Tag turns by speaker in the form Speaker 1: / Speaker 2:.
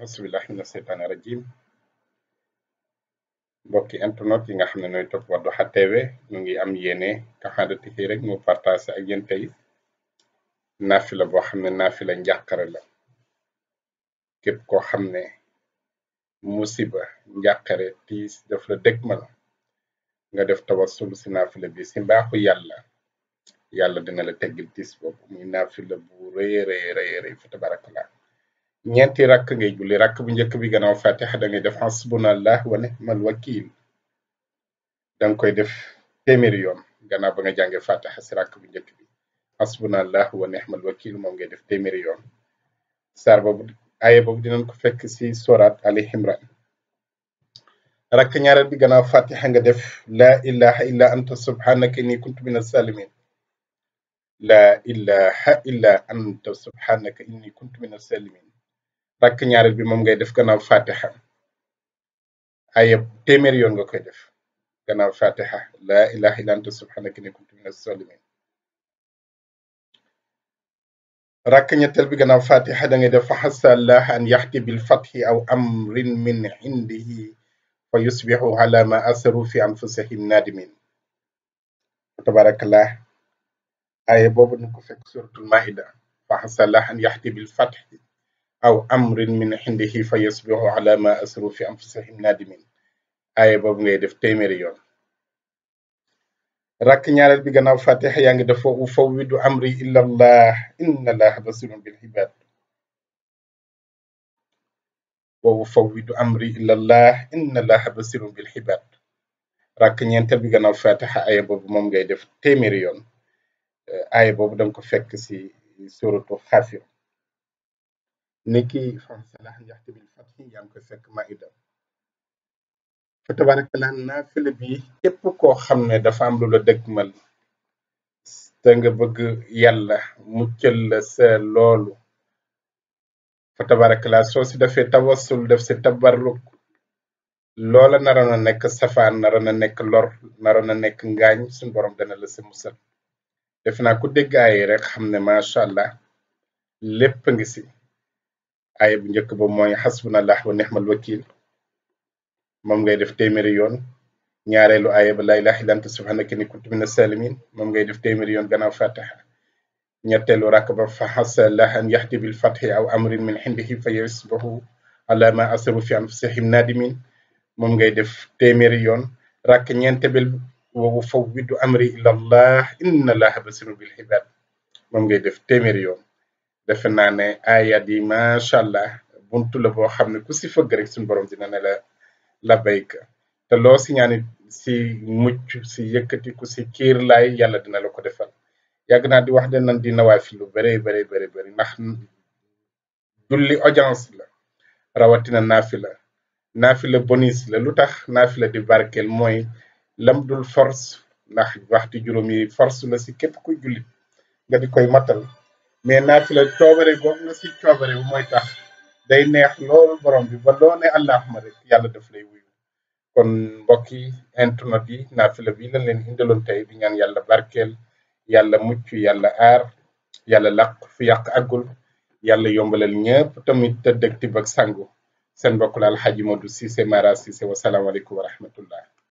Speaker 1: bismillah mina seytaani rajim mbokki internet yi nga xam ne nooy topp Wadduha TV ñu ngi am yéene taxaada tixi rek mu partagé ak yéen tey naafila boo xam ne naafila njàqare la képp koo xam ne musiba njàqare tiis daf la dëgmal nga def tawassul si naafila bi si mbaaxu yàlla yàlla dina la teggil tiis boobu muy naafila bu rëy rëy rëy rëy fa tabarakala ñenti rak ngay julli rak bu ñëk bi gënaaw fatiha da ngay def hasbunallah wa ni'mal wakeel dang koy def témir yoon gënaaw ba nga jàngee fatiha si rak bu ñëk bi hasbunallah wa ni'mal wakeel moom ngay def témir yoon sar bobu aaye bobu dinañ ko fekk si sorat ali imran rak ñaaral bi gënaaw fatiha nga def la ilaha illa anta subhanaka inni kuntu minas salimin la ilaha illa anta subhanaka inni kuntu minas salimin rakk ñaaral bi mom ngay def gannaaw fatiha ay temer yoon nga koy def gannaaw fatiha la ilaha illa anta subhanaka inni kuntu minas zalimin rak ñetteel bi gannaaw fatiha da ngay def fa an yahti bil fathi aw amrin min indihi fa ala ma asru fi anfusihim nadimin tabarakallah aaya bobu ñu ko fek suratul maida fa hasallahu an yahti bil fathi أو أمر من عنده فيصبحوا على ما أسروا في أنفسهم نادمين aaye boobu ngay def téeméeri yoon rakk ñaareel bi gannaaw fatiha yaa ngi def foofu fawwidu amri illa allah inna allaha basirun bil ibad boobu fawwidu amri illa allah inna allaha basirun bil ibad rakk ñeenteel bi gannaaw fatiha aaye boobu moom ngay def téeméeri yoon aaye boobu danga ko fekk si suratu xaafir ni ki fansalah njaxte bil fatxi yaa ngi koy fekk maida fa tabarakallah naafila bi képp koo xam ne dafa am lu la dëgmal te nga bëgg yàlla muccal la sa loolu fa tabarakallah soo si defee tawassul def si tabarruk loola naroon nekk safaan naroon a nekk lor naroon nekk ngaañ suñ borom dana la si musal def na ku dégg ay rek xam ne macha allah lépp ngi si aaya bu njëkk ba mooy allah wa nixmal wakiil moom ngay def téeméeri yoon ñaareelu aaya ba laa ilaha illa anta subhanaka inni kuntu mina saalimiin moom ngay def téeméeri yoon gannaaw fatiha ñetteelu rakk ba fa xasallah an yahdi bil fatxi aw amrin min xindihi fa yasbahu ala ma asabu fi anfusihim nadimin moom ngay def téeméeri yoon rakk ñeentebel woowu fawwidu amri ila allah inna allaha basirun bil ibaad moom ngay def téeméeri yoon defe naa ne ayat yi macha allah buntu la boo xam ku si fëgg rek borom dina ne la la bayka te lo si ñani si mucc si yekati ku si kir lay yàlla dina la ko defal yagna naa di wax de nan di nawaafi lu bere bere bere bere nax julli audience la rawatina nafila nafila bonus la lutax nafila di barkel moy lam dul force ndax waxti juróom force la si kep ku jullit nga di koy matal mais naafila coobare googu nga si coobare bu mooy tax day neex loolu borom bi ba loo ne allahuma rek yàlla daf lay wuyu kon mbokki internet yi naafila bi lañ leen indaloon tey di ñaan yàlla barkeel yàlla mucc yàlla aar yàlla làq fi yàq àggul yàlla yombalal ñëpp tamit tëdd ak tibb ak sangu seen mbokk la alxaaji Modou Cissé Mara Cissé wasalaamaaleykum wa rahmatullah